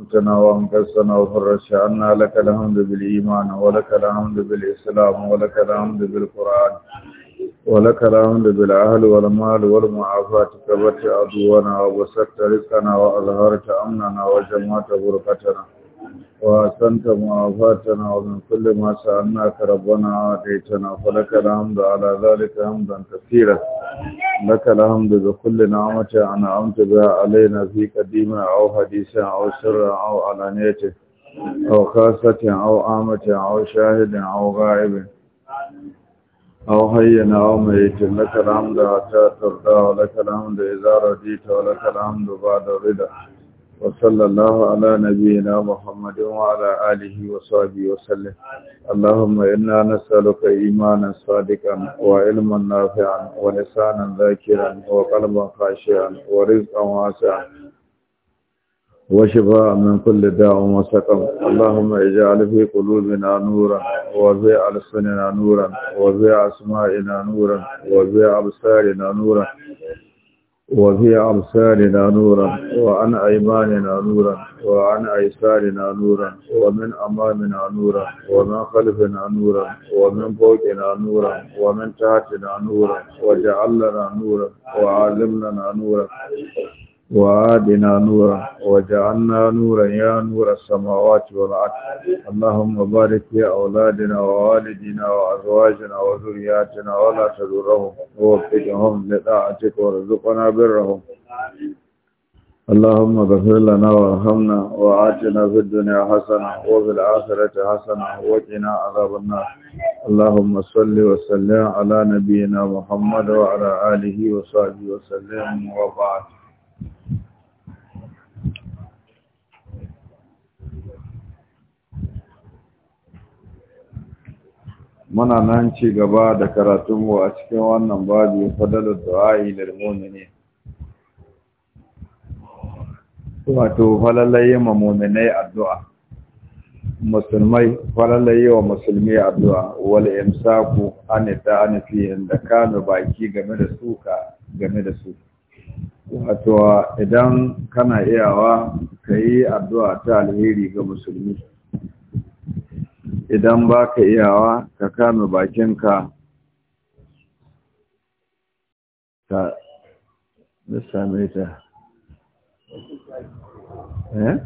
أنتنا وأنقذتنا وفر شأننا لك الحمد بالإيمان ولك الحمد بالإسلام ولك الحمد بالقرآن ولك الحمد بالأهل والمال والمعافاة كبت عدونا وبسطت رزقنا وأظهرت أمننا وجمعت بركتنا وأحسنت معافاتنا ومن كل ما سألناك ربنا عاديتنا فلك الحمد على ذلك حمدا كثيرا لك الحمد بكل نعمة أنعمت بها علينا في قديمة أو حديثة أو سر أو علانية أو خاصة أو عامة أو شاهد أو غائب أو حينا أو ميت لك الحمد حتى ترضى ولك الحمد إذا رضيت ولك الحمد بعد رضا وصلى الله على نبينا محمد وعلى آله وصحبه وسلم اللهم إنا نسألك إيمانا صادقا وعلما نافعا ولسانا ذاكرا وقلبا خاشعا ورزقا واسعا وشفاء من كل داء وسقم اللهم اجعل في قلوبنا نورا وفي ألسننا نورا وفي أسمائنا نورا وفي أبصارنا نورا وفي أمثالنا نورا وعن أيماننا نورا وعن أيسارنا نورا ومن أمامنا نورا ومن خلفنا نورا ومن فوقنا نورا ومن تحتنا نورا وجعلنا نورا وعلمنا نورا وآدنا نورا وجعلنا نورا يا نور السماوات والأرض اللهم بارك في أولادنا ووالدنا وأزواجنا وذرياتنا ولا تذرهم ووفقهم لطاعتك وارزقنا برهم اللهم اغفر لنا وارحمنا وآتنا في الدنيا حسنة وفي الآخرة حسنة وقنا عذاب النار اللهم صل وسلم على نبينا محمد وعلى آله وصحبه وسلم وبعد muna nan ci gaba da karatunmu a cikin wannan babu fadalar da rumuni ne wato falalaye ma mu'minai addu'a musulmai falalaye wa musulmi addu'a wal imsaku an ta'ani fi da kanu baki game da suka game da su wato idan kana iyawa ka yi addu'a ta alheri ga musulmi idan ba ka iyawa ka kame bakinka ka same ta eh?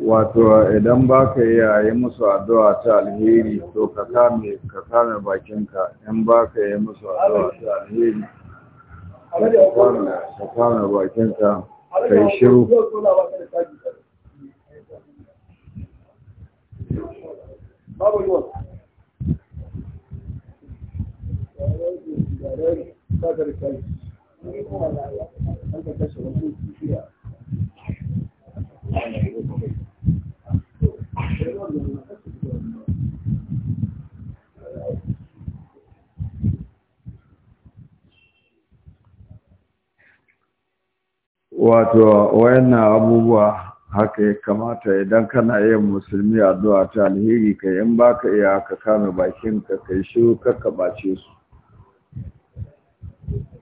wato idan ba ka yi musu addu'a ta alheri to ka kame bakinka in ba ka yi musu addu'a ta alheri ka kwana bakinka ka yi shiru Thank you. wato wayannan abubuwa haka ya kamata idan kana yin musulmi addu'a ta alheri ka in baka iya ka kame bakin ka kai shi kakka bace su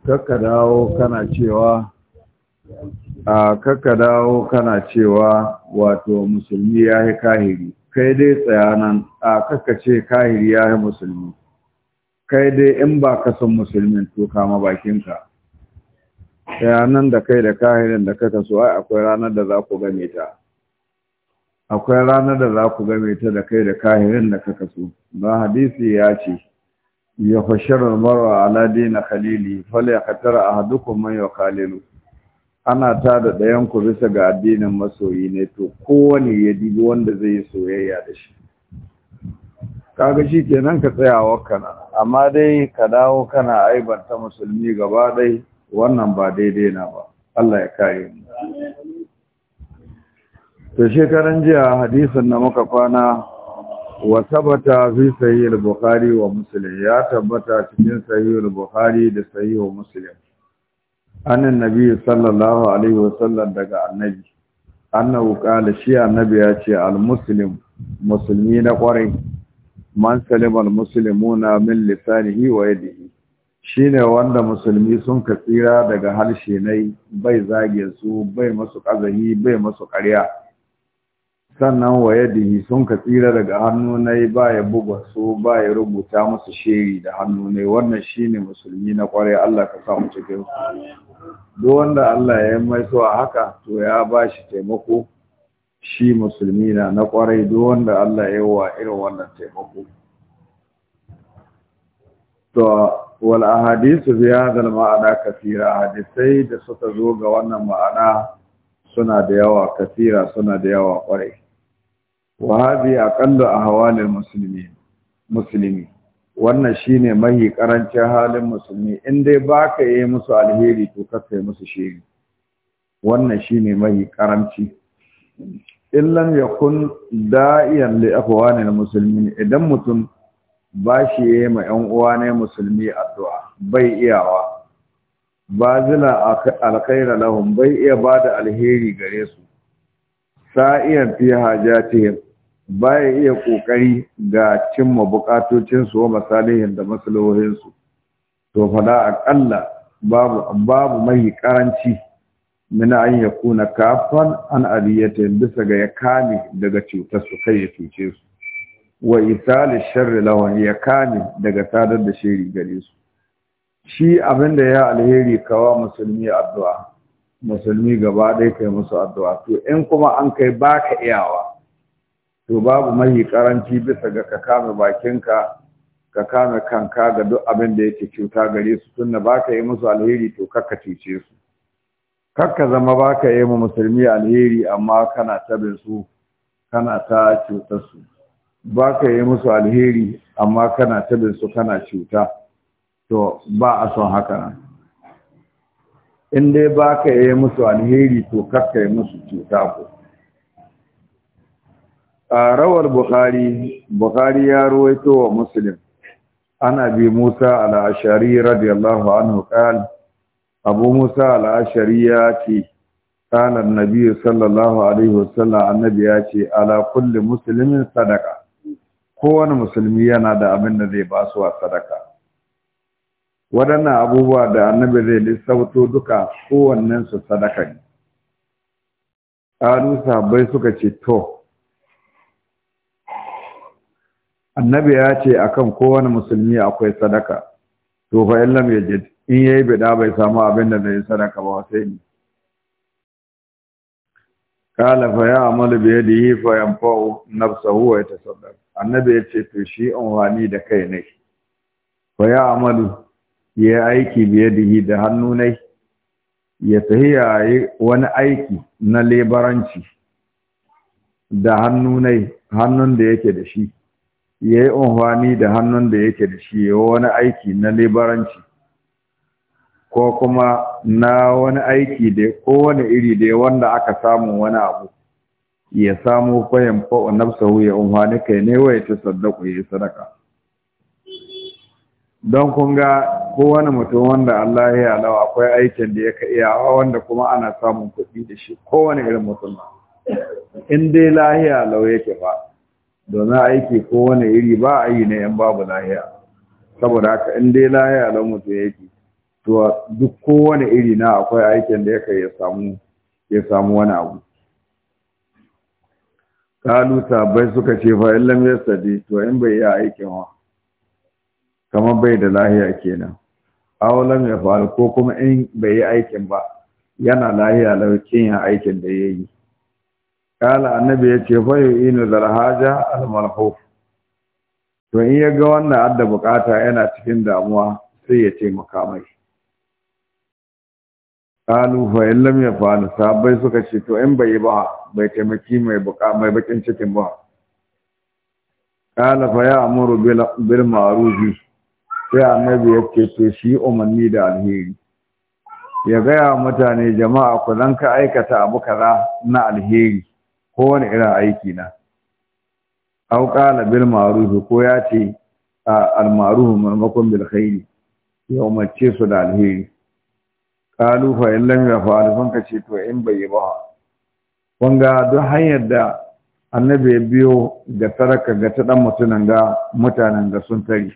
kakka dawo kana cewa a kakka dawo kana cewa wato musulmi ya yi kahiri kai dai tsayanan a kakka ce kahiri ya yi musulmi kai dai in ba ka son musulmin to kama bakinka yanan da kai da kahirin da kaka so ai akwai ranar da za ku game ta akwai ranar da za ku game ta da kai da kahirin da kaka so don hadisi ya ce ya fashirar marwa ala dina khalili fale ya katar a hadukun man ya Kalilu. ana ta da ɗayan ku bisa ga addinin masoyi ne to kowane ya dibi wanda zai yi soyayya da shi kaga shi kenan ka tsayawa kana amma dai ka dawo kana aibanta musulmi gaba ɗaya wannan ba daidai na ba Allah ya kare mu to shekaran jiya hadisin na muka kwana wa sabata fi sahih al-bukhari wa muslim ya tabbata cikin sahih al-bukhari da sahih muslim annan nabi sallallahu alaihi wasallam daga annabi annahu qala shi annabi ya ce al-muslim musulmi na kware man salima al-muslimuna min lisanihi wa yadihi Shi ne wanda musulmi sun ka tsira daga harshe nai bai zage su bai masu ƙazahi bai masu ƙarya sannan wa yadihi sun ka tsira daga hannu nai ba ya buga su ba ya rubuta musu sheri da hannu nai wannan ne musulmi na ƙwarai Allah ka sa mu cikin duk wanda Allah ya yi mai so a haka to ya ba shi taimako shi musulmi na na ƙwarai duk wanda Allah ya yi wa irin wannan taimako wal ahadisu bi hadha al ma'ana kathira hadisai da suka zo ga wannan ma'ana suna da yawa kathira suna da yawa kwarai wa hadhi aqallu ahwalil muslimin muslimi wannan shine mahi karancin halin musulmi in dai baka yi musu alheri to ka kai musu shiri wannan shine mahi karanci illam yakun da'iyan li al muslimin idan mutum ba shi ya yi ma ‘yan uwa ne musulmi addu'a bai iyawa ba zina alkaira lahun bai iya ba da alheri gare su sa'iyan fi hajatihim ba ya iya ƙoƙari ga cimma buƙatocinsu wa masalihin da masalohinsu to fada akalla babu babu mai ƙaranci mina an yi kuna kafan an aliyyata bisa ga ya kame daga cutar su kai ya cuce su wa itali sharri lawan ya kame daga sadar da shiri gare su shi abinda ya alheri kawa musulmi addu'a musulmi gaba ɗaya kai musu addu'a to in kuma an kai baka iyawa to babu mahi karanci bisa ga ka kame bakinka ka kame kanka ga duk abin da yake cuta gare su tunda baka yi musu alheri to kakka cuce su kakka zama baka yi mu musulmi alheri amma kana tabin su kana ta cutar su ba ka yi musu alheri amma kana tabin su kana cuta to ba a son haka in dai ba ka yi musu alheri to kakka yi musu cuta ko a rawar Bukhari, Bukhari ya ruwaito wa Muslim, ana bi Musa al'ashari radiyallahu anhu ƙal, abu Musa al'ashari ya ce, ƙalar Nabi sallallahu Alaihi wasallam annabi ya ce, ala kulli Musulmin sadaka, kowane musulmi yana da abin da zai ba su a sadaka waɗannan abubuwa da annabi zai lissauto duka kowannen su sadaka ne ƙaru sabai suka ce to annabi ya ce akan kowane musulmi akwai sadaka to fa illam yajid in yayi bida bai samu abin da zai sadaka ba sai ni قال فيعمل بيده فينفع نفسه ويتصدق annabi ya ce to shi amfani da kai ne fa ya amalu ya aiki biyadihi da hannu ne ya tahiya wani aiki na lebaranci da hannu ne hannun da yake da shi ya yi amfani da hannun da yake da shi ya wani aiki na lebaranci ko kuma na wani aiki da kowane iri da wanda aka samu wani abu ya samu kwayan fa'o nafsahu ya umhani kai ne wa ya ci saddaku ya yi sadaka don kun ga kowane mutum wanda Allah ya alawa akwai aikin da yaka iyawa wanda kuma ana samun kuɗi da shi kowane irin mutum in dai lahiya lau yake ba domin aiki kowane iri ba a yi na yan babu lahiya saboda haka in dai lahiya lau mutum yake to duk kowane iri na akwai aikin da samu ya samu wani abu kalu sabai suka ce fa in lam yastadi to in bai iya aikin wa kamar bai da lahiya kenan aw lam yafal ko kuma in bai yi aikin ba yana lahiya laukin ya aikin da yayi kala annabi ya ce fa yu'inu haja al-marhuf to in ya ga wannan adda bukata yana cikin damuwa sai ya taimaka mai kalu fa in lam yafalu sabai suka ce to in bai ba bai taimaki mai buka mai bakin cikin ba kala fa ya amuru bil ma'ruf sai annabi ce to shi umarni da alheri ya gaya mutane jama'a ku zan ka aikata abu kaza na alheri ko wani irin aiki na aw qala bil ma'ruf ko ya ce al ma'ruf maimakon bil khairi ya umarce su da alheri kalu fa in lam yafa'al ka ce to in bai yi ba wanga duk hanyar da annabi ya biyo ga taraka ga ta dan mutunan ga mutanen ga sun tari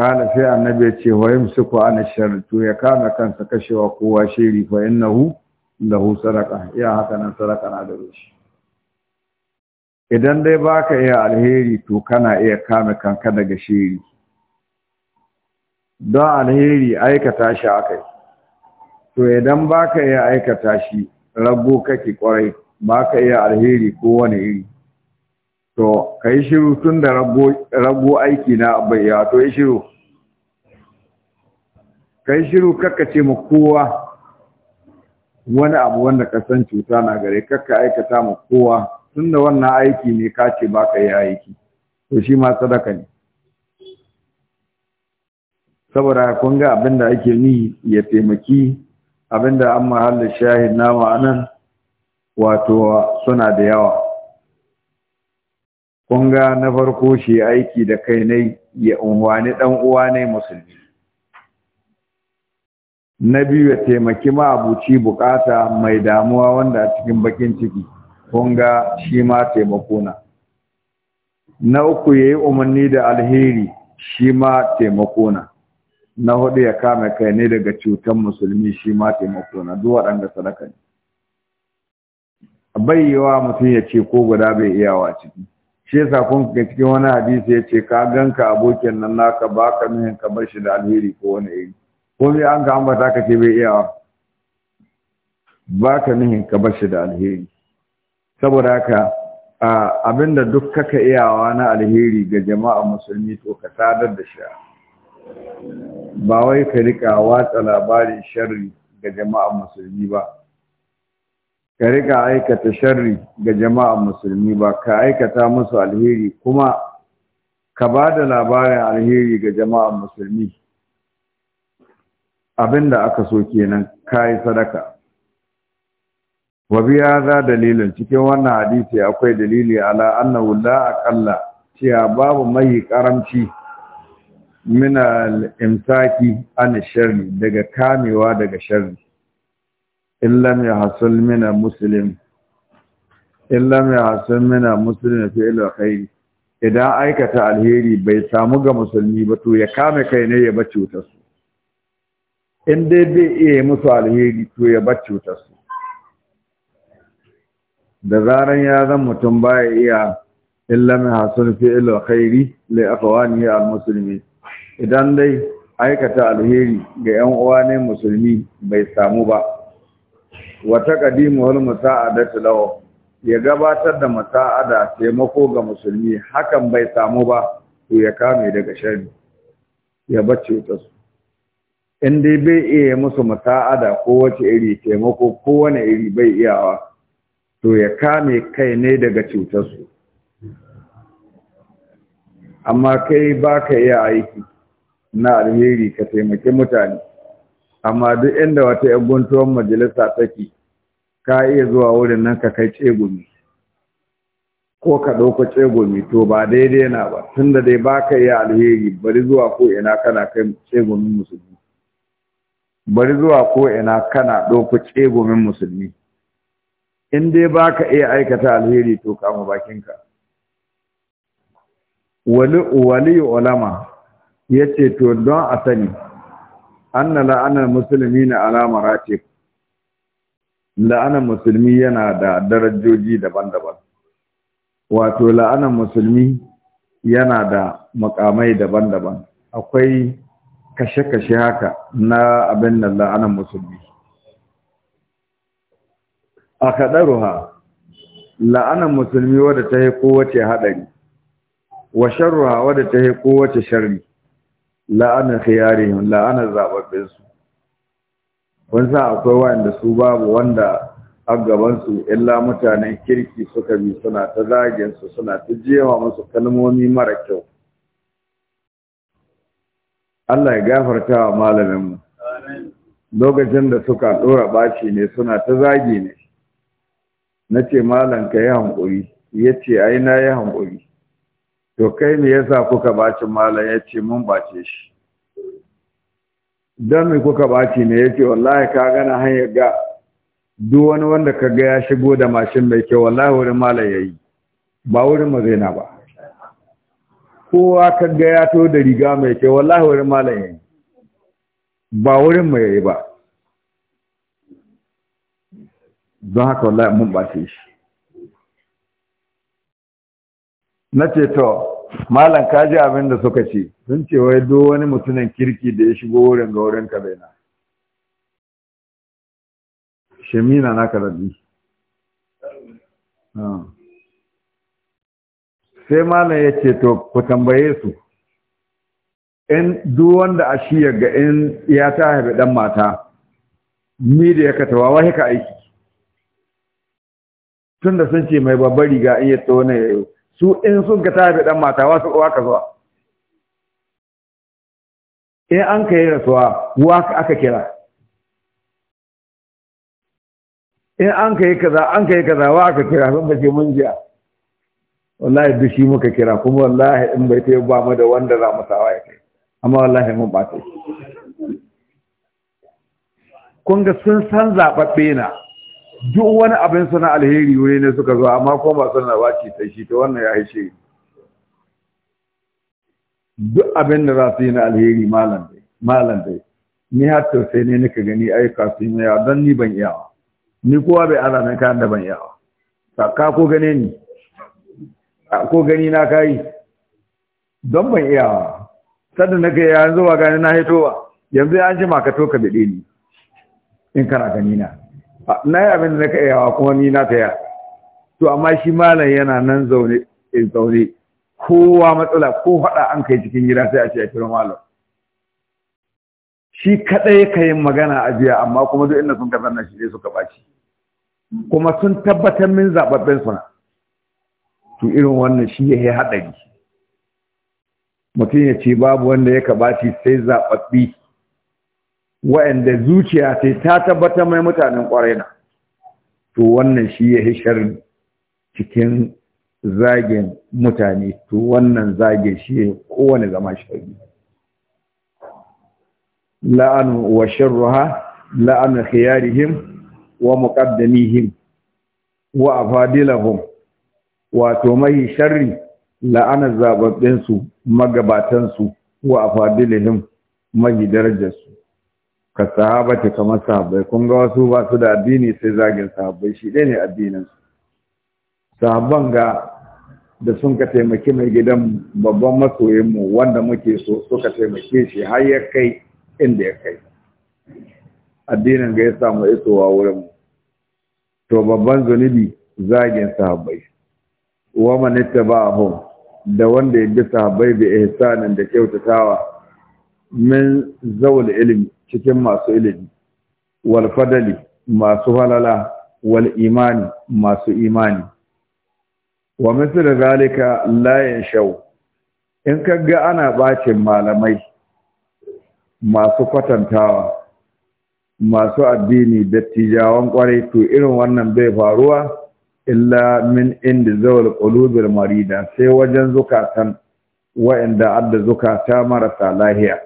kala sai annabi ya ce wa yumsiku an shar to ya kama kansa kashewa kowa shiri fa innahu lahu saraka ya haka nan saraka na da shi idan dai baka iya alheri to kana iya kame kanka daga shiri don alheri aikata shi akai to idan baka iya aikata shi rago kake kwarai baka iya alheri ko wani iri to ka yi shiru tun da rago aiki na bai ya to yi shiru Ka yi shiru kakka ce ma kowa wani abu wanda ka san cuta na gare kakka aikata ma kowa tun da wannan aiki ne ka ce ba ka yi aiki to shi ma sadaka ne saboda kun ga abin da ake ni ya taimaki abin da an mahalli shahid nama a nan wato suna da yawa kun ga na farko shi aiki da kai ne ya unwani dan uwa ne musulmi na biyu ya taimaki ma'abuci bukata mai damuwa wanda a cikin bakin ciki kun ga shi ma taimako na na uku ya yi umarni da alheri shi ma taimako na na hudu ya kame kai ne daga cutan musulmi shi ma taimako na duk waɗanda sadaka ne bayyawa mutum ya ce ko guda bai iyawa ciki shi yasa kun ga cikin wani hadisi ya ce ka ganka abokin nan naka ba ka nuhin ka bar shi da alheri ko wani iri ko mai an ka ambata ka ce bai iyawa ba ka nuhin ka bar shi da alheri saboda haka abinda duk kaka iyawa na alheri ga jama'a musulmi to ka sadar da shi ba wai ka rika watsa labarin sharri ga jama'an musulmi ba ka rika aikata sharri ga jama'an musulmi ba ka aikata musu alheri kuma ka ba da labarin alheri ga jama'an musulmi abinda aka so kenan ka yi sadaka wabi ya za dalilin cikin wannan hadisi akwai dalili ala annahu la aqalla cewa babu mai karamci Muna imtaki ana an sharri daga kamewa daga sharri in lam yahsul min muslim in lam yahsul min muslim fi ilo khair idan aikata alheri bai samu ga musulmi ba to ya kame kai ne ya bar cutar su in dai bai iya musu alheri to ya bar cutar su da zaran ya zan mutum baya iya in ya hasul fi al-khairi li akhwanihi al-muslimin idan dai aikata alheri ga ‘yan uwa ne musulmi bai samu ba, wata ƙadimu wani musa'ada tilawa ya gabatar da musa'ada taimako ga musulmi hakan bai samu ba to ya kame daga shari ya bacci ta su. In dai bai iya musu musa'ada ko wace iri taimako ko wane iri bai iyawa to ya kame kai ne daga cutarsu. Amma kai ba ka iya aiki, na alheri ka taimaki mutane amma duk inda wata yan guntuwar majalisa take ka iya zuwa wurin nan ka kai cegumi. ko ka ɗauka cegumi, to ba daidai na ba tunda dai ba ka iya alheri bari zuwa ko ina kana kai cegumin musulmi bari zuwa ko ina kana ɗauka cegumin musulmi in dai ba ka iya aikata alheri to kama bakinka wali ulama ya ce to don a sani an na la'anar musulmi na alama ce la'anar musulmi yana da darajoji daban-daban wato la'anar musulmi yana da makamai daban-daban akwai kashe-kashe haka na abin da la'anar musulmi a kaɗaruwa la'anar musulmi wadda ta yi kowace haɗari wa sharruwa wadda ta yi kowace sharri la'anar khiyarihim la'anar zababbin su kun sa akwai wanda su babu wanda a gaban illa mutanen kirki suka bi suna ta zagin suna ta jewa musu kalmomi mara kyau Allah ya gafarta wa malamin mu lokacin da suka dora baci ne suna ta zagi ne na ce malam ka yi hankuri ya ce ai na yi hankuri to kai me yasa kuka bacin malam ya ce mun bace shi don me kuka baci ne ya ce wallahi ka gana hanyar ga duk wani wanda ka ga ya shigo da mashin mai kyau wallahi wurin malam ya yi ba wurin mazaina ba kowa ka ga ya to da riga mai kyau wallahi wurin malam ya yi ba wurin mai yayi ba don haka wallahi mun bace shi na ce to malam ka ji abin da suka ce sun ce wai do wani mutumin kirki da ya shigo wurin ga wurin ka bai na shemina na ka rabi ah. sai malam ya ce to ku tambaye su in duk wanda a shi ga in ya ta haifi dan mata ni da ya katawa wahi ka aiki tun da sun ce mai babbar riga in ya tona ya yi su in sun ka tafi ɗan mata wasu uwa ka zuwa in an ka yi rasuwa uwa ka aka kira in an ka yi kaza an ka yi kaza wa aka kira sun bace mun jiya wallahi duk shi muka kira kuma wallahi in bai ta ba mu da wanda za mu sawa ya kai amma wallahi mun ba ta kun ga sun san zaɓaɓɓe na duk wani abin suna alheri wuri ne suka zo amma ko ba suna ba ce ta shi ta wannan ya haishe duk abin da za su yi na alheri malam dai ni har sai ne nika gani ayyuka su yi yawa don ni ban yawa. ni kowa bai ala nan kayan da ban yawa. ka ko gane ni ko gani na kayi don ban iyawa sadda na ga yanzu ba gani na hito ba yanzu ya an jima ka to ka daɗe ni in kana gani na na yi abin da na ka yawa kuma ni na ta to amma shi malam yana nan zaune in eh, zaune kowa matsala ko faɗa an kai cikin gida sai a ce a kira malam shi kaɗai ka yin magana a jiya, amma kuma duk inda sun ka zanna shi ne suka ɓaci kuma sun tabbatar min zaɓaɓɓen suna to irin wannan shi ya yi haɗari mutum ya ce babu wanda ya ka ɓaci sai zaɓaɓɓi wa'anda zuciya ce ta tabbatar mai mutanen ƙwarai na to wannan shi ya hishar cikin zagin mutane to wannan zage shi ya kowane zama shari la'anu wa sharruha la'anu khiyarihim wa muqaddamihim wa afadilahum wato mai sharri la'ana zababbinsu magabatansu wa afadilahum mai darajarsu ka sahabati kamar sahabai, kun ga wasu ba su da addini sai zagin sahabbai shi ɗaya ne addinin sahabban ga da sun ka taimaki mai gidan babban masoyinmu wanda muke so suka taimaki shi har ya kai inda ya kai addinin ga ya samu isowa wurinmu to babban zunubi zagin sahabbai wa a hon. da wanda ya bi sahabbai bi ihsanin da kyautatawa min zawul ilimi cikin masu ilimi wal masu halala wal imani masu imani wa misal zalika layin shau. in kaga ana bacin malamai masu kwatantawa masu addini dattijawan kwarai to irin wannan bai faruwa illa min inda zawal qulubil marida sai wajen zukatan wa'anda adda zukata marasa lahiya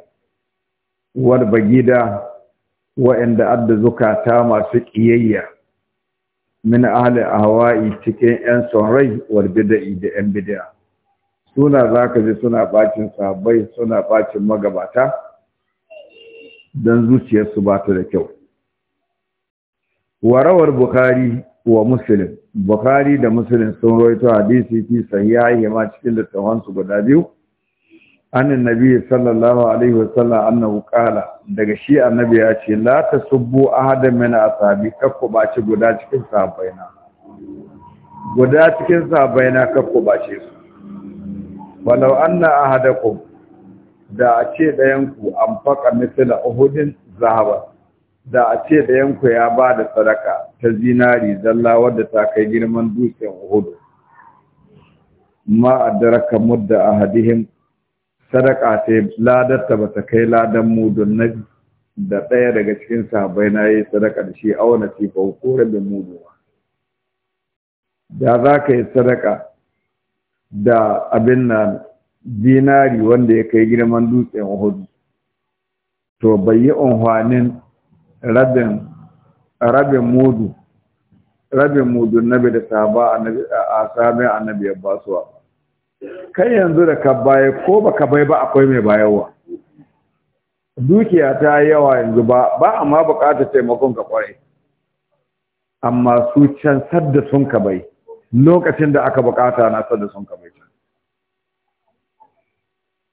warba gida wa'anda adda zukata masu ƙiyayya min ahli ahwa'i cikin yan son rai wal da yan bid'a suna zaka ji suna bacin sabai suna bacin magabata dan zuciyarsu ba ta da kyau warawar bukhari wa muslim bukhari da muslim sun rawaito hadisi fi ma cikin littafansu guda biyu annin nabi sallallahu alaihi wasallam annahu qala daga shi annabi ya ce la tasubbu ahadan min ashabi kakku baci guda cikin sahabbaina guda cikin sahabbaina kakku baci su walau anna ahadakum da a ce dayan ku amfaka misla uhudin zahaba da a ce dayan ku ya ba da sadaka ta zinari zalla wadda ta kai girman dutsen uhud ma adraka mudda ahadihim sadaka ta ta ba ta kai ladan mudun na da ɗaya daga cikin sabai na yi sadaka da shi auna ce ba ko rabin mudu da za ka yi sadaka da abin nan dinari wanda ya kai girman dutsen hudu to bai yi unhwanin rabin rabin mudu rabin mudu nabi da sahaba a sahabin annabi ya basuwa kai yanzu da ka baya ko baka bai ba akwai mai bayarwa dukiya ta yawa yanzu ba ba amma bukatar taimakon ka kwarai amma su can sadda sun ka bai lokacin da aka bukata na sadda sun ka bai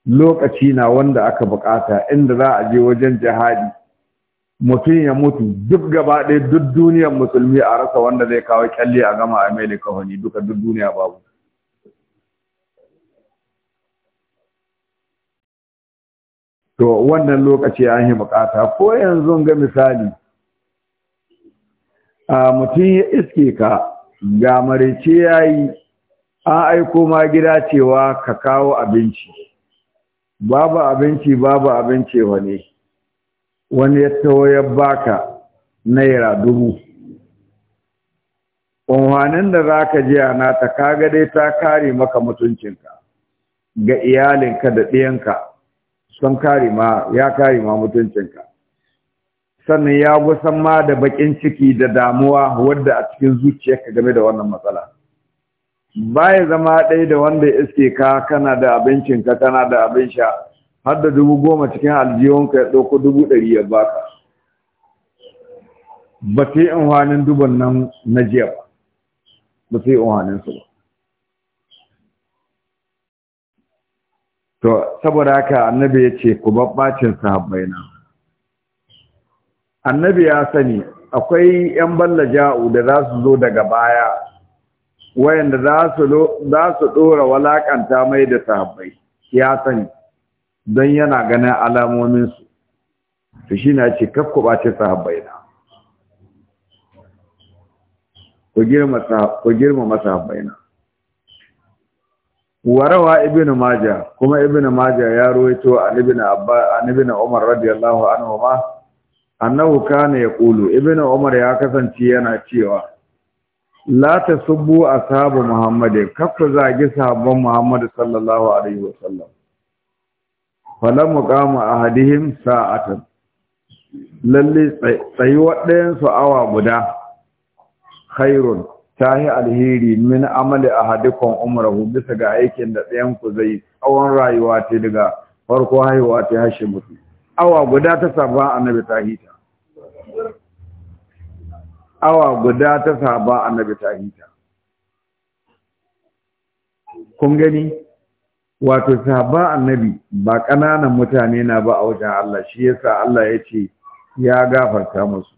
lokaci na wanda aka bukata inda za a je wajen jihadi mutum ya mutu duk gaba ɗaya duk duniyar musulmi a rasa wanda zai kawo kyalle a gama a mai duka duk duniya babu to wannan lokaci an yi bukata ko yanzu ga misali a mutum ya iske ka ga marice ya yi an aiko ma gida cewa ka kawo abinci babu abinci babu abinci wane wani ya tawo ya baka naira dubu ƙunwanin da za ka ji ana ta kaga dai ta kare maka mutuncinka ga iyalinka da ɗiyanka sun kare ma ya kare ma mutuncinka sannan ya gusan ma da bakin ciki da damuwa wadda a cikin zuciyarka game da wannan matsala baya zama ɗaya da wanda ya iske ka kana da abincinka kana da abin sha har da dubu goma cikin aljihunka ya ɗauko dubu ɗari ya baka ba sai in hannun dubun nan na jiya ba ba sai in hannun su ba to saboda haka annabi ya ce ku babbacin sahabbai na annabi ya sani akwai yan ballaja'u da za su zo daga baya wayanda za su za su walakanta mai da sahabbai ya sani don yana ganin alamominsu. su to shi na ce kaf ku bace sahabbai na ku girma ku girma na warawa ibn majah kuma ibn majah ya ruwaito an ibn abba an ibn umar radiyallahu anhu ma annahu kana yaqulu ibn umar ya kasance yana cewa la tasubbu ashabu muhammad kafu zagi sahabban muhammad sallallahu alaihi wasallam falam muqama ahadihim sa'atan lalle tsayuwar ɗayan su awa guda khairun ta yi alheri min amali a hadikon umarahu bisa ga aikin da ɗayanku zai tsawon rayuwa ta daga farko haihuwa ta hashe mutu awa guda ta saba annabi tahita awa guda ta saba annabi tahita kun gani wato saba annabi ba ƙananan mutane na ba a wajen Allah shi yasa Allah ya ce ya gafarta musu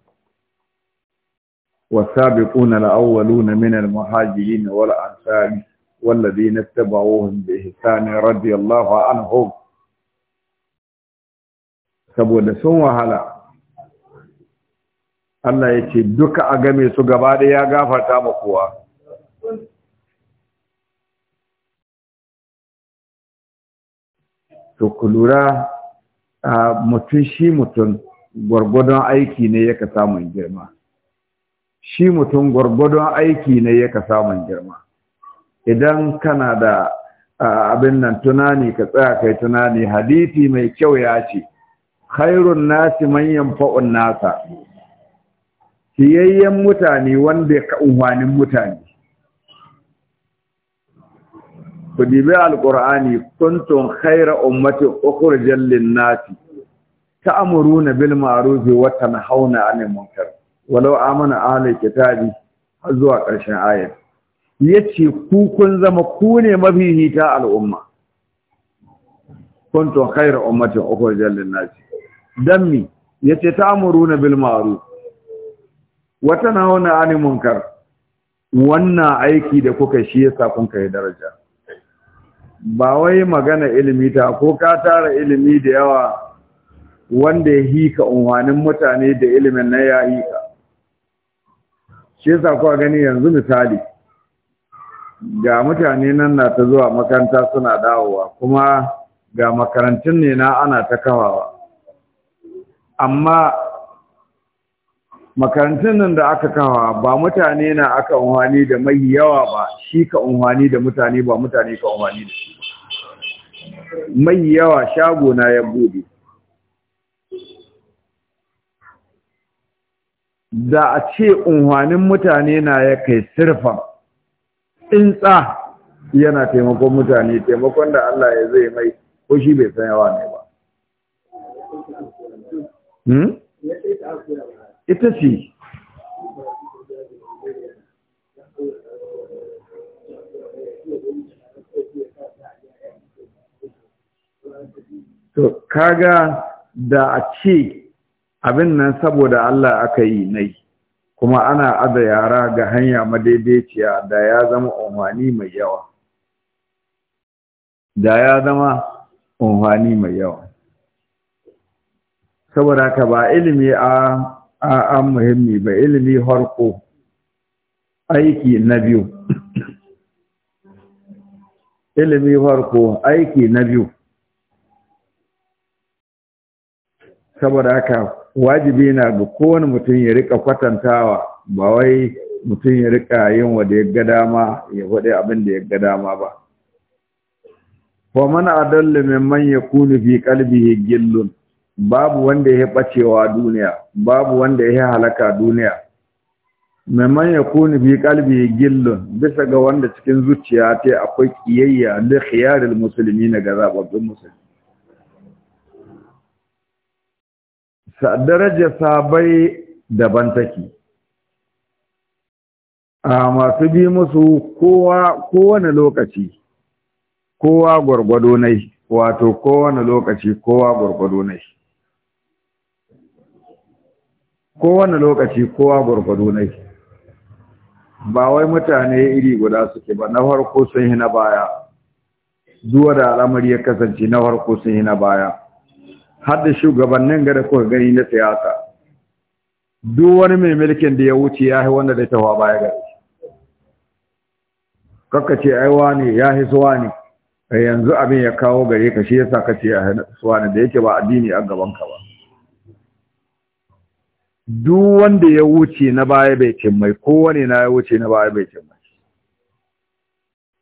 والسابقون الأولون من المهاجرين والأنصار والذين اتبعوهم بإحسان رضي الله عنهم saboda sun wahala Allah ya ce duka a game su gaba da ya gafarta ma kowa to ku lura mutum shi mutum gwargwadon aiki ne yaka samun girma shi mutum gwargwadon aiki ne yaka samun girma idan kana da abin nan tunani ka tsaya kai tunani Hadithi mai kyau ya ce khairun nasi manyan fa'un nasa siyayyen mutane wanda ya ka'unwanin mutane ku dibi alƙur'ani kuntun khaira ummatin ukhrijal lin nasi bilmaru bil ma'ruf na hauna 'anil munkar walau amana ahli kitabi har zuwa ƙarshen ayar yace ku kun zama ku ne mafi hita al'umma kuntum khayra ummatin ukhrijat lin-nas ce ta yace ta'muruna bil ma'ruf wa tanhauna 'anil munkar wannan aiki da kuka shi yasa kun kai daraja ba wai magana ilimi ta ko ka tara ilimi da yawa wanda ya hika unwanin mutane da ilimin na ya hika shi yasa kuwa gani yanzu misali ga mutane nan na ta zuwa makaranta suna dawowa kuma ga makarantun ne na ana ta kawawa amma makarantun nan da aka kawa ba mutane na aka unhwani da mai yawa ba shi ka unhwani da mutane ba mutane ka unhwani da shi mai yawa shago na ya bude da a ce unhwanin mutane na ya kai sirfa in tsa yana taimakon mutane taimakon da Allah ya zai mai ko shi bai san yawa ne ba hmm? ita ce to kaga da a ce abin nan saboda Allah aka yi nai kuma ana ada yara ga hanya madaidaiciya da ya zama unhwani mai yawa da ya zama unhwani mai yawa saboda ka ba ilimi a a muhimmi ba ilimi harko aiki na biyu ilimi harko aiki na biyu saboda ka wajibi na ga kowane mutum ya rika kwatantawa ba wai mutum ya rika yin da ya ga dama ya faɗi abin da ya ga dama ba mana a man adalla mimman kuni fi ya gillun babu wanda ya bacewa duniya babu wanda ya halaka duniya mimman kuni fi ya gillun bisa ga wanda cikin zuciya ta akwai kiyayya li musulmi na ga zababbin musulmi daraja sabai daban take a masu bi musu kowa kowane lokaci kowa gwargwado nai wato kowane lokaci kowa gwargwado nai kowane lokaci kowa gwargwado nai ba wai mutane iri guda suke ba na farko sun yi na baya zuwa da al'amari ya kasance na farko sun yi na baya har da shugabannin gada kuka gani na siyasa duk wani mai mulkin da ya wuce ya yi wanda zai tawa baya gari shi kakka ce ai wani ya yi suwa ne a yanzu abin ya kawo gare ka shi yasa kace ya yi suwa ne da yake ba addini a gaban ka ba duk wanda ya wuce na baya bai cimmai wani na ya wuce na baya bai cimmai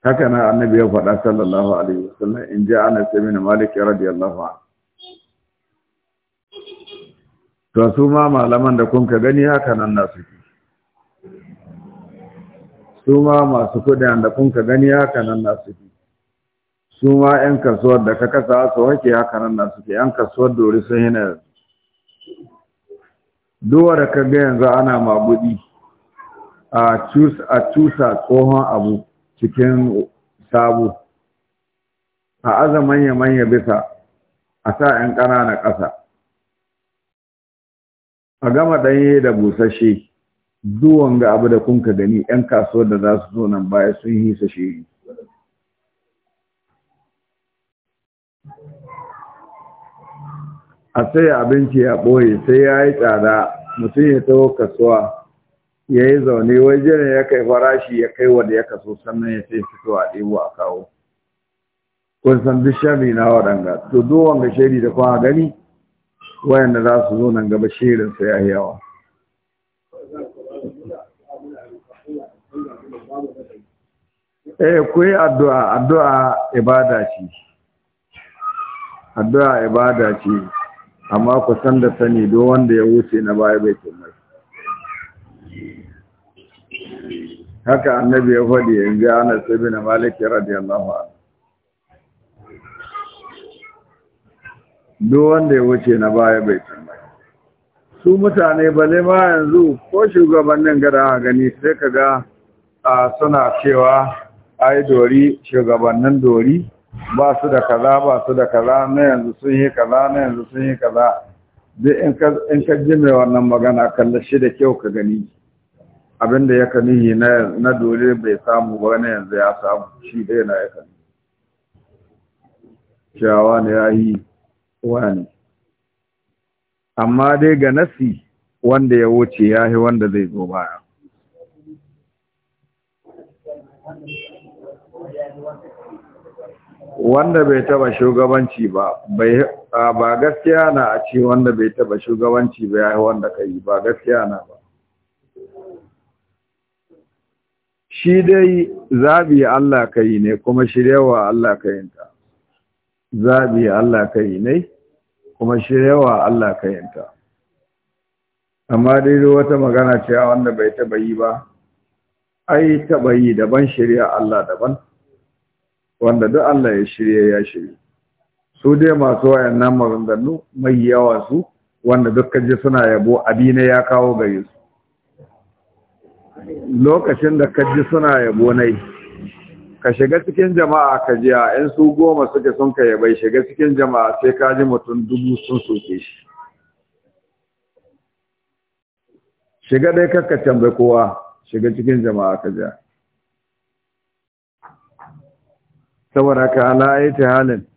haka na annabi ya faɗa sallallahu alaihi wasallam in ji ana sai min maliki radiyallahu anhu to su ma malaman da kun ka gani haka nan na suke su ma masu kudin da kun ka gani haka nan na suke su ma 'yan kasuwar da ka kasa su wake haka nan na suke 'yan kasuwar dori sun na yanzu duwa da ka ga yanzu ana mabudi a cusa tsohon abu cikin sabo a aza manya-manya bisa a sa 'yan ƙanana ƙasa a gama ɗanye da busashe duwan ga abu da kun ka gani 'yan kasuwar da za su zo nan baya sun yi sa shiri. a sai abinci ya ɓoye sai ya yi tsada mutum ya taho kasuwa ya yi zaune wajen ya kai farashi ya kai wanda ya kaso sannan ya sai fito a ɗebo a kawo kun san duk shari na waɗanga to duwan ga shari da kuma gani wayanda za su zo nan gaba shirin su ya yawa eh ku yi addu'a addu'a ibada ce addu'a ibada ce amma ku san da sani do wanda ya wuce na baya bai kuma haka annabi ya faɗi in ga Anas ibn Malik radiyallahu anhu duk wanda ya wuce na baya bai tambayi su mutane bale ma yanzu ko shugabannin gada a gani sai ka ga a suna cewa ai dori shugabannin dori ba su da kaza ba su da kaza na yanzu sun yi kaza na yanzu sun yi kaza duk in ka ji mai wannan magana kalla shi da kyau ka gani abinda ya kanihi na dole bai samu ba na yanzu ya samu shi ɗaya na ya ciyawa ne ya yi wani amma dai ga nasi wanda ya wuce ya yi wanda zai zo baya wanda bai taba shugabanci ba ba gaskiya na a ce wanda bai taba shugabanci ba ya yi wanda ka yi ba gaskiya na ba shi dai zaɓi Allah ka yi ne kuma shirewa Allah ka ta zaɓi Allah ka yi ne kuma shi yawa Allah ka yanta amma dai wata magana ce a wanda bai taba yi ba ai taba yi daban shari'a Allah daban wanda duk Allah ya shirye ya shirye su dai masu wayannan maganganu mai yawa su wanda duk ji suna yabo ne ya kawo gare su lokacin da kaji suna yabo nai ka shiga cikin jama'a ka jiya in su goma suke sun ka yabai shiga cikin jama'a sai ka ji mutum dubu sun soke shi shiga dai kakka tambayi kowa shiga cikin jama'a ka jiya saboda ka ala ta halin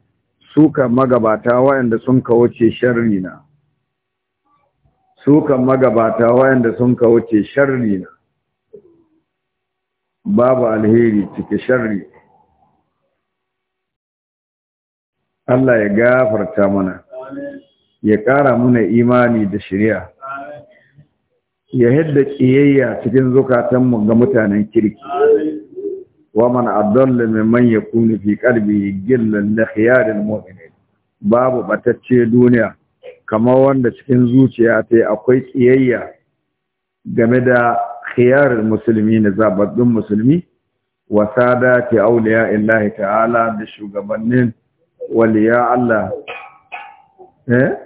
suka magabata waɗanda sun ka wuce sharri na magabata sun ka wuce sharri na babu alheri cike sharri Allah ya gafarta mana ya ƙara mana imani da shari'a ya hidda ƙiyayya cikin zukatanmu ga mutanen kirki wa man adalla mimman yakunu fi qalbihi gillan da khiyaril mu'minin babu batacce duniya kamar wanda cikin zuciya ta akwai ƙiyayya game da خيار المسلمين زابط دم مسلمي وسادات أولياء الله تعالى بشوق بنين ولياء الله ها؟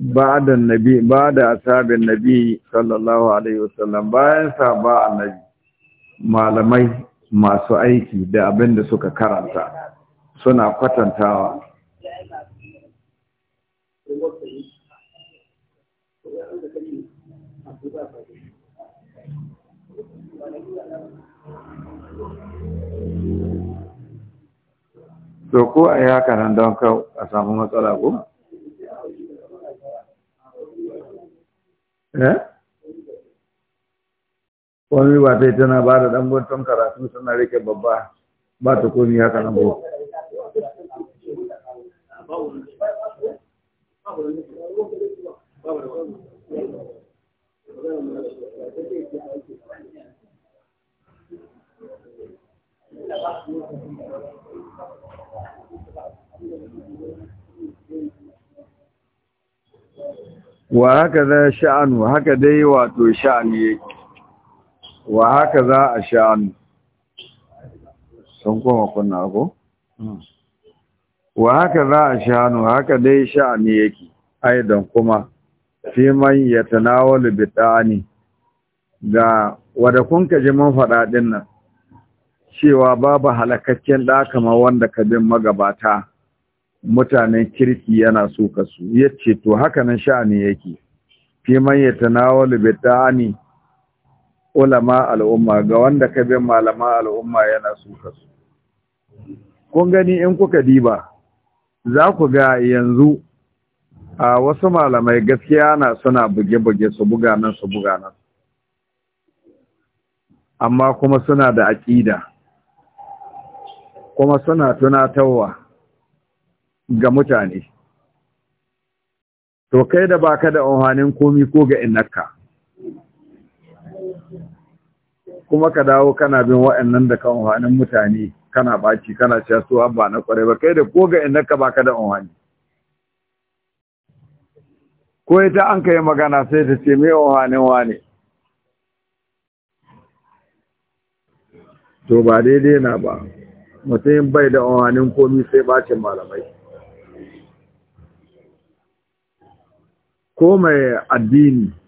بعد النبي بعد أصحاب النبي صلى الله عليه وسلم بعد صحابة النبي معلمين masu aiki da abin da suka karanta suna kwatantawa to ko a yi haka nan don ka a samu matsala ko? eh? komi ba ta yi tana ba da ɗan gwanton karatu suna rike babba ba ta komi haka nan ba wa haka za sha'anu haka dai wato sha'ani yake wa haka za a sha'anu sun koma kunna ko wa haka za a sha'anu haka dai sha'ani yake aidan kuma fi man yatanawalu bitani ga wada kun ka ji mun faɗa din nan cewa babu halakakken kama wanda ka bin magabata mutanen kirki yana so ka su yace to haka nan sha'ani yake fi man yatanawalu bitani ulama al'umma ga wanda ka bin malama al'umma yana suka su kun gani in kuka diba za ku ga yanzu a wasu malamai gaskiya na suna buge-buge su buga nan su buga nan amma kuma suna da aƙida kuma suna tunatarwa ga mutane to kai da baka da ohanin komi ko ga innaka kuma ka dawo kana bin wa'annan da kan amfanin mutane kana baci kana cewa su abba na kwarai ba kai da ko ga inda ka baka da amfani ko ita an kai magana sai ta ce me wani. wane to ba daidai na ba mutum bai da amfanin komi sai bacin malamai ko mai addini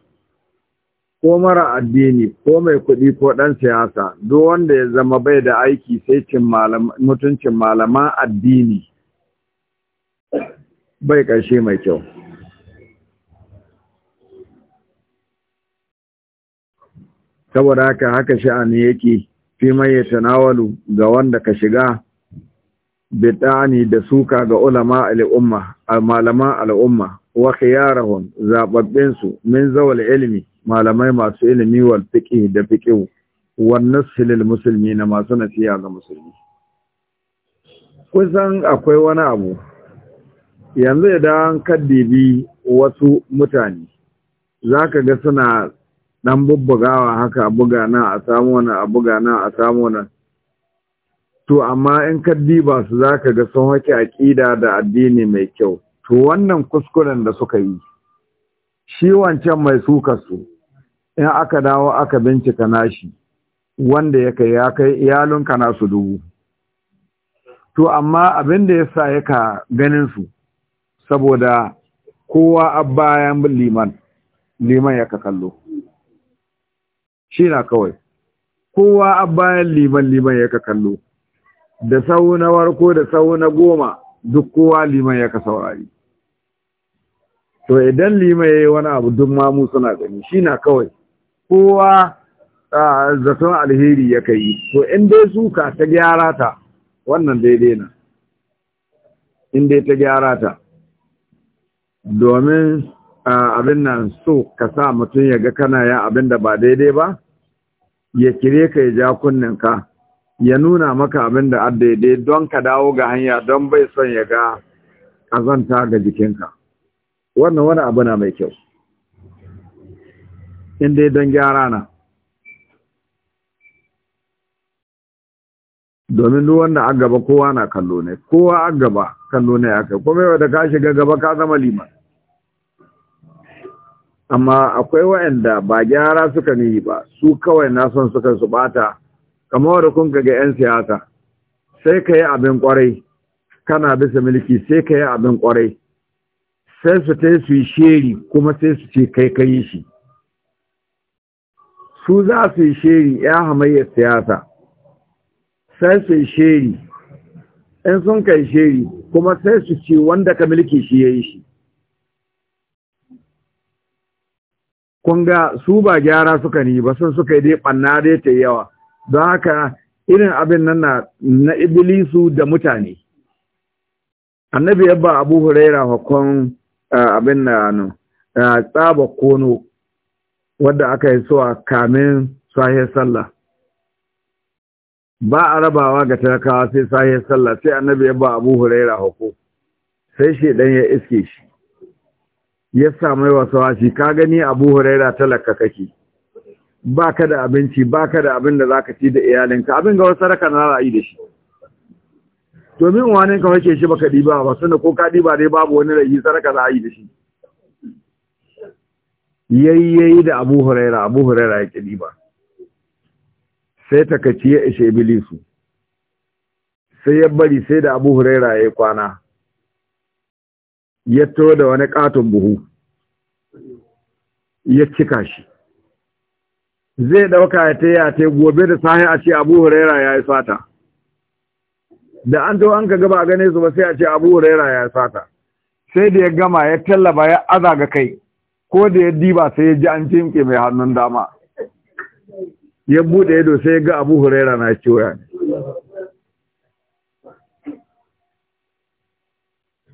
ko mara addini ko mai kuɗi ko ɗan siyasa duk wanda ya zama bai da aiki sai cin mutuncin malaman addini bai ƙarshe mai kyau saboda haka haka sha'ani yake fi mai tanawalu ga wanda ka shiga bidani da suka ga ulama al'umma malaman al'umma wa khiyarahum zababbin su min zawal ilmi malamai masu ilimi wal fiqh da fiqh wan nasilil musulmi na masu nasiya ga musulmi kusan akwai wani abu yanzu idan dibi wasu mutane zaka ga suna dan bubbugawa haka a buga na a samu wani a buga na a samu wani to amma in ka diba su zaka ga sun hake aƙida da addini mai kyau to wannan kuskuren da suka yi shi wancan mai suka su in aka dawo aka bincika nashi wanda ya kai ya kai iyalinka nasu dubu to amma abin da yasa ya ganin su saboda kowa a bayan liman liman ya ka kallo shi na kawai kowa a bayan liman liman ya ka kallo da sau na warko da sau na goma duk kowa liman ya ka saurari to idan liman ya yi wani abu duk mamu suna gani shi na kawai kowa zaton alheri ya kai to in dai suka ta gyara ta wannan daidai na in dai ta gyara ta domin abin nan so ka sa mutum ya ga kana ya abin da ba daidai ba ya kire ka ya ja kunninka ya nuna maka abin da daidai don ka dawo ga hanya don bai son ya ga ƙazanta ga jikinka wannan wani abu na mai kyau inda don gyara na domin duk wanda a gaba kowa na kallo ne kowa a gaba kallo ne ya kai kuma yau da ka shiga gaba ka zama liman amma akwai wa'anda ba gyara suka nihi ba su kawai na son suka su bata kamar da kun ga 'yan siyasa sai ka yi abin kwarai kana bisa mulki sai ka yi abin kwarai sai su ta su yi sheri kuma sai su ce kai ka shi su za su yi sheri ya hamayyar siyasa sai su yi sheri in sun kai sheri kuma sai su ce wanda ka milki shi ya yi shi kunga su ba gyara suka ni ba sun suka yi dai ɓanna dai ta yawa don haka irin abin nan na Iblisu da mutane annabi ya ba abu huraira hakon eh, abin na eh, tsaba kono wadda aka yi suwa kamin sahiyar sallah ba a rabawa ga talakawa sai sahiyar sallah sai annabi ya ba abu huraira hako sai shi dan ya iske shi ya samu yawa sawashi ka gani abu huraira talaka kake ba ka da abinci ba ka da abin da za ka ci da iyalinka abin ga wasu raka na ra'ayi da shi domin wani ka wake shi baka diba ba suna ko ka diba dai babu wani ra'ayi saraka za a yi da shi yayyayi da abu huraira abu huraira ya ƙi ba sai takaici ya ishe ibilisu sai ya bari sai da abu huraira ya kwana ya to da wani katon buhu ya cika shi zai ɗauka ya ta gobe da sahi a ce abu huraira ya yi sata da an to an ka gaba a gane su ba sai a ce abu huraira ya yi sata sai da ya gama ya tallaba ya aza ga kai ko da ya diba sai ya ji an tinke mai hannun dama ya bude ido sai ya ga abu huraira na cewa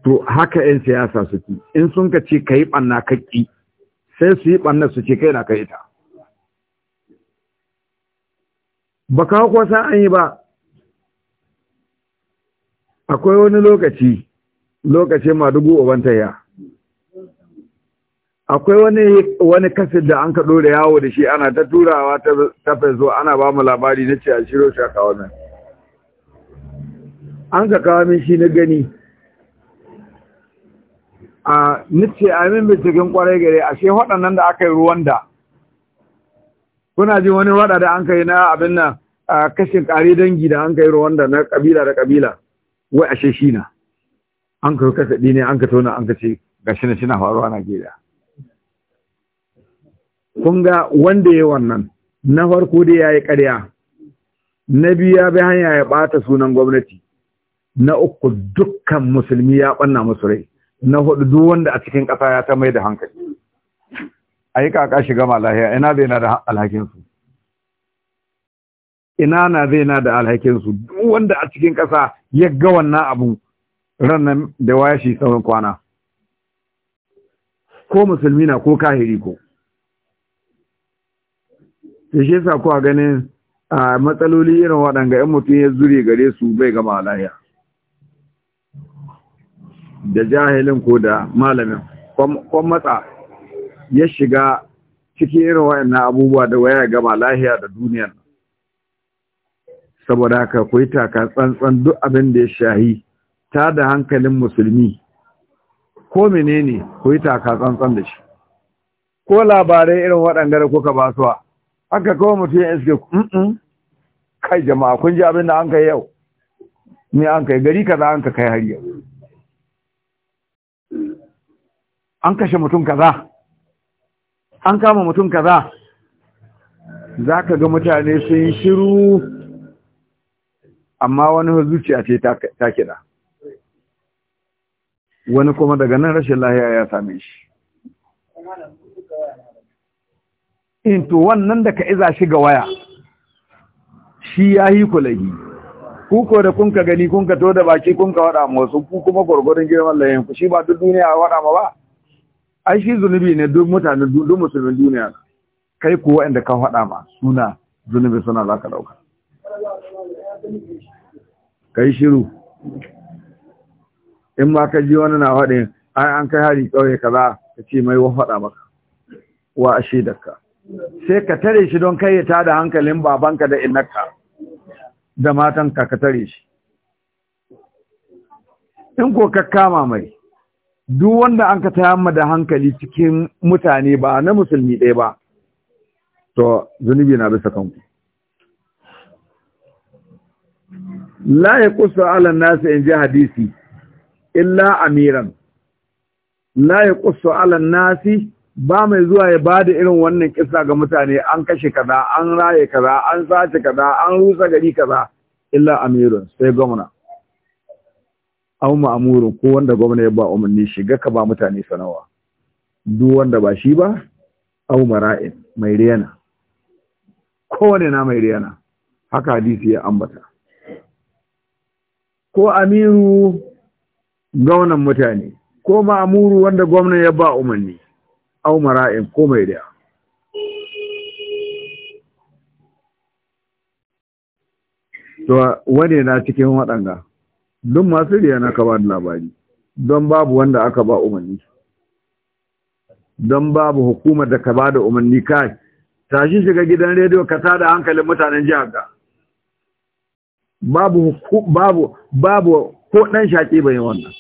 to haka 'yan siyasa suke in sun ka ce ka yi ɓanna ka ƙi, sai su yi ɓanna su ce kai na ka ita ba kawo kuwa sa an yi ba akwai wani lokaci lokaci ma dubu ya akwai wani wani da an ka dore yawo da shi ana ta turawa ta tafe zo ana ba mu labari na ce a shiro shi aka nan an ka kawo min shi na gani a nace min binciken kwarai gare ashe waɗannan da aka yi ruwan da kuna ji wani wada da an kai na abin nan a kashin ƙari dangi da an kai ruwan da na ƙabila da ƙabila wai ashe shi na an kai kasa ne an ka tona an ka ce gashi na shi na faruwa Najeriya kun ga wanda ya wannan na farko dai ya yi ƙarya na biyu ya bi hanya ya ɓata sunan gwamnati na uku dukkan musulmi ya ɓanna musu rai na hudu duk wanda a cikin ƙasa ya ta mai da hankali a yi kaka shiga malahiya ina zai na da alhakinsu ina na zai na da alhakinsu duk wanda a cikin ƙasa ya ga wannan abu ranar da waya shi tsawon kwana ko musulmi na ko kahiri ko to shi yasa kuwa ganin a matsaloli irin waɗanga ‘yan mutum ya zure gare su bai gama lahiya da jahilin ko da malamin kwan matsa ya shiga ciki irin waɗannan abubuwa da waya gama lahiya da duniyar saboda ka ku yi taka tsantsan duk abin da ya shahi ta da hankalin musulmi ko menene ku yi taka tsantsan da shi ko labarai irin waɗanda da kuka basuwa aka kawo mutum ya iske kai jama'a kun ji abin da an kai yau Ni an kai gari kaza an ka kai har yau an kashe mutum kaza an kama mutum kaza za ka ga mutane sun shiru amma wani zuciya ce ta kiɗa wani kuma daga nan rashin lahiya ya same shi in to wannan da ka iza shi ga waya shi ya yi kulahi ko da kun ka gani kun ka to da baki kun ka waɗa wasu, ku kuma gwargwarin girman layin ku shi ba duk duniya a waɗa ma ba ai shi zunubi ne duk mutane duk musulmin duniya kai ku waɗanda ka waɗa ma suna zunubi suna za ka ɗauka kai shiru in ma ka ji wani na wada ai an kai hari kauye kaza ka ce mai wa fada maka wa a sai ka tare shi don kai ya tada hankalin babanka da inaka da matanka ka tare shi in ko ka kama mai duk wanda an ka tayamma da hankali cikin mutane ba na musulmi ɗaya ba to zunubi na bisa kanku la ya kusa ala nasu in ji hadisi illa amiran la ya kusa ala nasi ba mai zuwa ya ba da irin wannan kisa ga mutane an kashe kaza an raye kaza an sace kaza an rusa gari kaza illa amirun sai gwamna Au Ma'amuru ko wanda gwamna ya ba umarni shiga ka ba mutane sanawa duk wanda ba shi ba au mara'in mai riyana Ko kowane na mai riyana haka hadisi ya ambata ko amiru gwamnan mutane ko ma'amuru wanda gwamna ya ba umarni au mara'in ko mai da to wane na cikin waɗanga duk masu riya na ka ba da labari don babu wanda aka ba umarni don babu hukumar da ka ba da umarni kai tashi shiga gidan rediyo ka tada hankalin mutanen jihar ka babu babu babu ko dan shaki bai wannan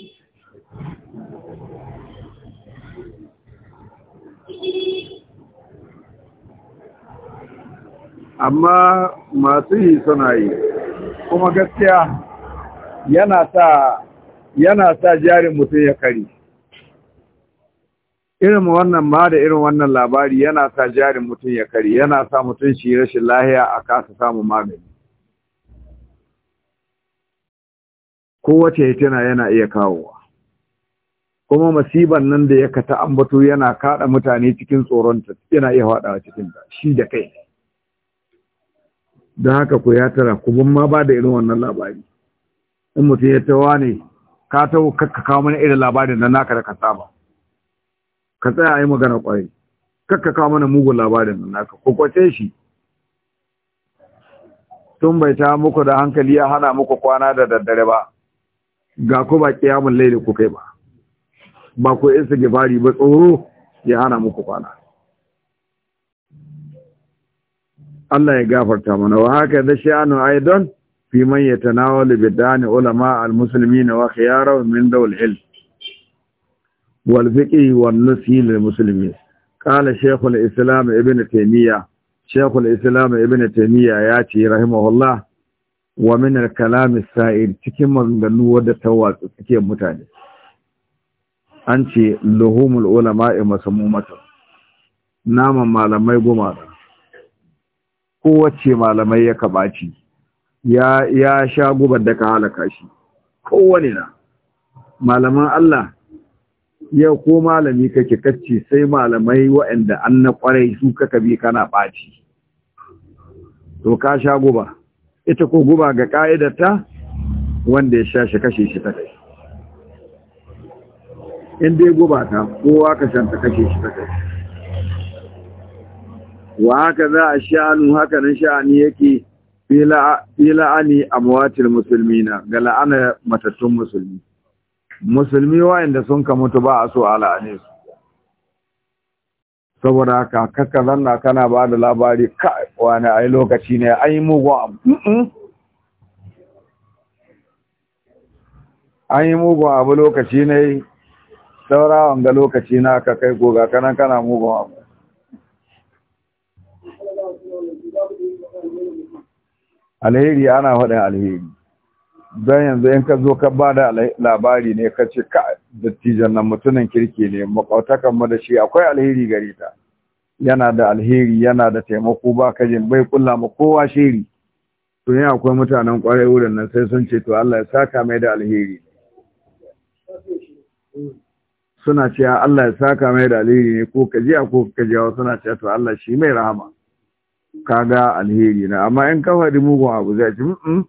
amma masu yi suna yi kuma gaskiya yana sa yana sa jarin mutum ya kari irin wannan ma da irin wannan labari yana sa jarin mutum ya kari yana sa mutum shi rashin lahiya a kasa samun magani kowace hitina yana iya kawowa kuma masiban nan da ya kata ambato yana kaɗa mutane cikin tsoron ta, yana iya faɗawa cikin ta shi da kai don haka ku ya tara ku ban ma ba da irin wannan labari in mutum ya tawa ne ka tawo kakka kawo mana irin labarin nan naka da ka saba ka tsaya a yi magana kwarai kakka kawo mana mugun labarin nan naka ku kwace shi tun bai ta muku da hankali ya hana muku kwana da daddare ba ga ku ba kiyamun laili ku kai ba ba ku isa gibari ba tsoro ya hana muku kwana Allah ya gafarta mana wa haka da sha'anu aidan fi man yatanawalu bidani ulama almuslimin wa khiyara min dawl ilm wal fiqh wal nusi lil muslimin qala shaykh al islam ibn taymiya shaykh al islam ibn taymiya ya ce rahimahullah wa min al kalam al sa'id cikin maganganu wadda tawatsu cikin mutane an ce luhumul ulama'i masmumatu naman malamai goma kowace malamai ya kabaci ya ya sha gubar da ka halaka shi kowane na malaman Allah ya ko malami kake kacce sai malamai waɗanda an na kwarai su kaka bi kana ɓaci to ka sha guba ita ko guba ga ƙa'idarta wanda ya sha shi kashe shi ta kai in dai guba ta kowa ka shanta kashe shi ta kai wa haka za a sha'anu haka nan sha'ani yake fi la'ani Musulmi na, ga la'ana matattun musulmi musulmi wayanda sun ka mutu ba a so a la'ane su saboda haka kakka zanna kana ba da labari ka wani yi lokaci ne ai mugun abu an yi mugun abu lokaci ne saurawan ga lokaci na aka kai goga kanan kana mugun abu alheri ana faɗin alheri don yanzu in ka zo ka ba da labari ne ka ce ka dattijan nan mutumin kirki ne makwautakan ma da shi akwai alheri gare ta yana da alheri yana da taimako ba ka jin bai kulla ma kowa shiri to yin akwai mutanen kwarai wurin nan sai sun ce to Allah ya saka mai da alheri suna cewa Allah ya saka mai da alheri ne ko kajiya ko kajiya suna cewa to Allah shi mai rahama kaga alheri na amma in kafa da mugun abu zai ci mm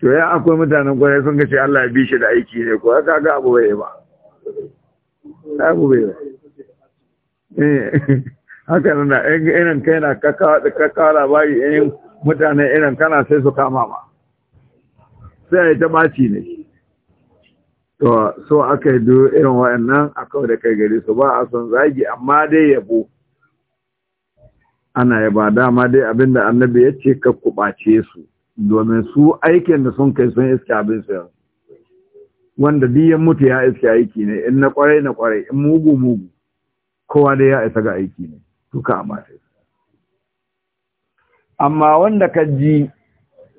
to ya akwai mutanen kwarai sun ce Allah ya bi shi da aiki ne ko kaga abu bai ba abu bai ba eh haka nan da irin kai na kakawa da kakawa labari irin mutane irin kana sai su kama ma sai ya ta baci ne to so aka yi irin wa'annan a kawai da kai gare su ba a son zagi amma dai yabo ana yaba dama dai abinda annabi ya ce ka kubace su domin su aikin da sun kai sun iska abin su yanzu wanda duk mutu ya iska aiki ne in na kwarai na kwarai in mugu mugu kowa dai ya isa ga aiki ne duka amma amma wanda ka ji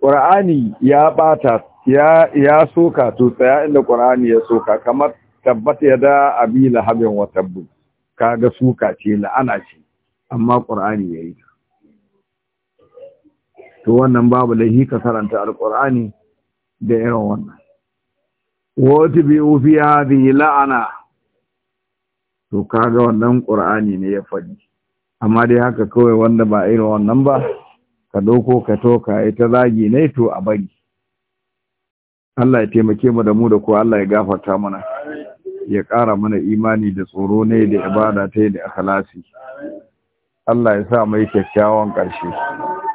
ƙur'ani ya ɓata ya ya soka to tsaya inda ƙur'ani ya soka kamar tabbata ya da abi lahabin wa tabbu kaga suka ce la'ana ce amma ƙur'ani ya yi to wannan babu laihi ka karanta alƙur'ani da irin wannan wata ufi ya la'ana to kaga wannan ƙur'ani ne ya faɗi amma dai haka kawai wanda ba irin wannan ba ka doko ka to ka yi ta zagi ne to a bari Allah ya taimake mu da mu da ko Allah ya gafarta mana ya ƙara mana imani da tsoro ne da ibada ta da akhlasi Allah ya sa mai kyakkyawan ƙarshe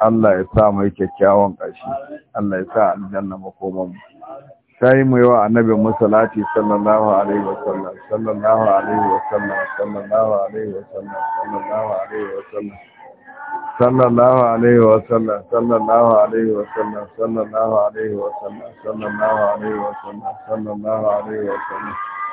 Allah ya sa mai kyakkyawan ƙarshe Allah ya sa aljanna makoman mu sai mu yi wa annabi musallati sallallahu alaihi wa sallam sallallahu alaihi wa sallam sallallahu alaihi wa sallam sallallahu alaihi wa sallam sallallahu alaihi wa sallam sallallahu alaihi wa sallam sallallahu alaihi wa sallam sallallahu alaihi wa sallam sallallahu alaihi wa sallam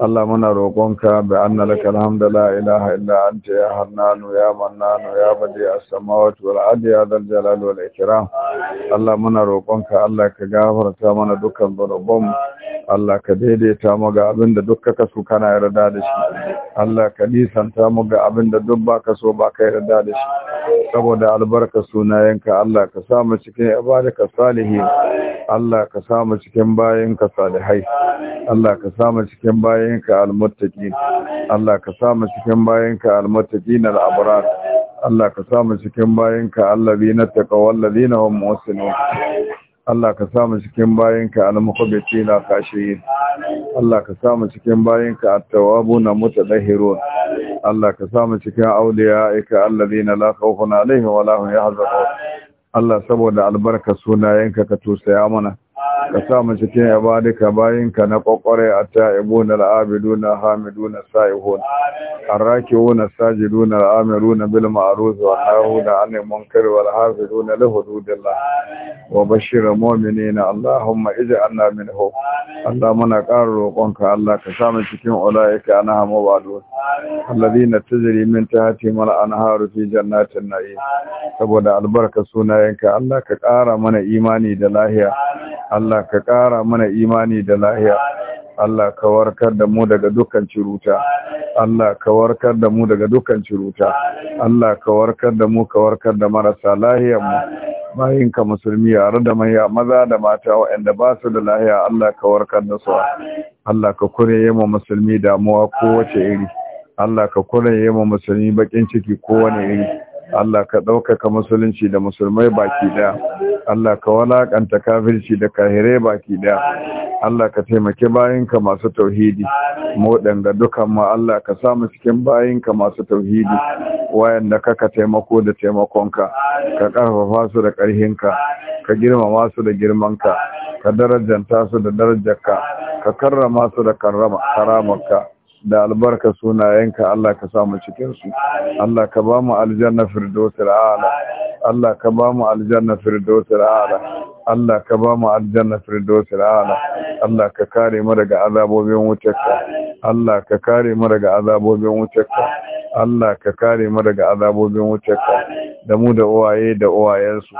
Allah muna roƙonka bi anna laka alhamdu la ilaha illa anta ya hannanu ya mannanu ya badi as-samawati wal ardi ya dhal jalali wal ikram Allah muna roƙonka Allah ka gafarta mana dukkan zunubin Allah ka daidaita mu ga abin da duk kaka so kana yarda da shi Allah ka nisanta mu ga abin da duk baka so baka yarda da shi saboda albarka sunayenka Allah ka sa mu cikin ibadaka salihin Allah ka sa mu cikin bayinka salihai Allah ka sa mu cikin bayin bayinka almuttaqin Allah ka sa mu cikin bayinka almuttaqin al-abrar Allah ka sa mu cikin bayinka allazina taqaw allazina hum muhsinun Allah ka sa mu cikin bayinka al-muqbitin al-khashiyin Allah ka sa mu cikin bayinka at-tawwabun mutadahhirun Allah ka sa mu cikin awliyaika allazina la khawfun alaihim wa la hum yahzanun Allah saboda albarka sunayenka ka tusaya mana ka sa mu cikin ibadika bayinka na kokore at-ta'ibun al-abidun hamidun sa'ihun ar-raki'un as-sajidun al-amirun bil ma'ruf wa nahun 'anil munkar wal hafizun li hududillah wa bashshir mu'minina allahumma ij'alna minhum Allah muna ƙara roƙonka Allah ka sa mu cikin ulaika na hamadu alladhina tajri min tahtihim al-anharu fi jannatin na'im saboda albarka sunayenka Allah ka ƙara mana imani da lahiya Allah Allah ka ƙara mana imani da lahiya Allah ka warkar da mu daga dukkan ciruta Allah ka warkar da mu daga dukkan ciruta Allah ka warkar da mu ka warkar da marasa lahiyar mu bayin ka musulmi yare da maya maza da mata waɗanda ba su da lahiya Allah ka warkar da su Allah ka yi mu musulmi damuwa kowace iri Allah ka yi mu musulmi bakin ciki kowane iri Allah ka ɗaukaka musulunci da musulmai baki ɗaya Allah ka walaƙanta kafirci da kahirai baki ɗaya Allah ka taimaki bayinka masu tauhidi mu ga dukan mu Allah ka samu cikin bayinka masu tauhidi wayanda kaka taimako da taimakonka ka ƙarfafa su da ƙarhinka ka girmama su da girmanka ka darajanta su da darajarka ka karrama su da karama karamarka da albarka sunayenka Allah ka samu mu cikin su Allah ka ba mu aljanna firdausul a'la Allah ka ba mu aljanna firdausul a'la Allah ka ba mu aljanna firdausil ala Allah ka kare mu daga azabobin wutarka Allah ka kare mu daga azabobin wutarka Allah ka kare mu daga azabobin wutarka da mu da uwaye da uwayensu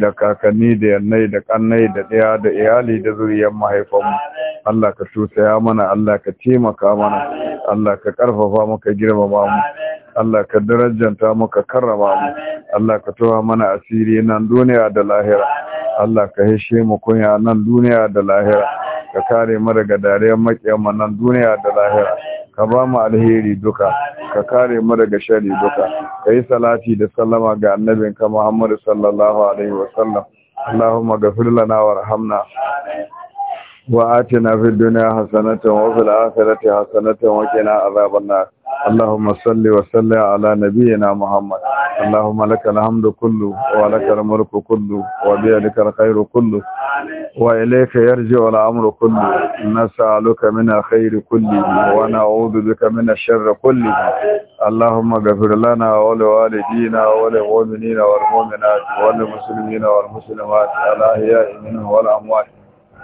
da kakanni da yannai da kannai da ɗaya da iyali da zuriyar mahaifanmu Allah ka tusaya mana Allah ka taimaka mana Allah ka karfafa mu ka girmama mu Allah ka darajanta mu ka karrama mu Allah ka tawa mana asiri nan duniya da lahira Allah ka hishe mu kunya nan duniya da lahira ka kare mu daga dariyar mu nan duniya da lahira ka ba mu alheri duka ka kare mu daga shari duka ka yi salati da sallama ga annabinka Muhammad sallallahu alaihi wasallam Allahumma ghfir lana warhamna وآتنا في الدنيا حسنة وفي الآخرة حسنة وقنا عذاب النار اللهم صل وسلم على نبينا محمد اللهم لك الحمد كله ولك الملك كله وبيدك الخير كله وإليك يرجع الأمر كله نسألك من الخير كله ونعوذ بك من الشر كله اللهم اغفر لنا ولوالدينا وللمؤمنين والمؤمنات وللمسلمين والمسلمات الأحياء منهم والأموات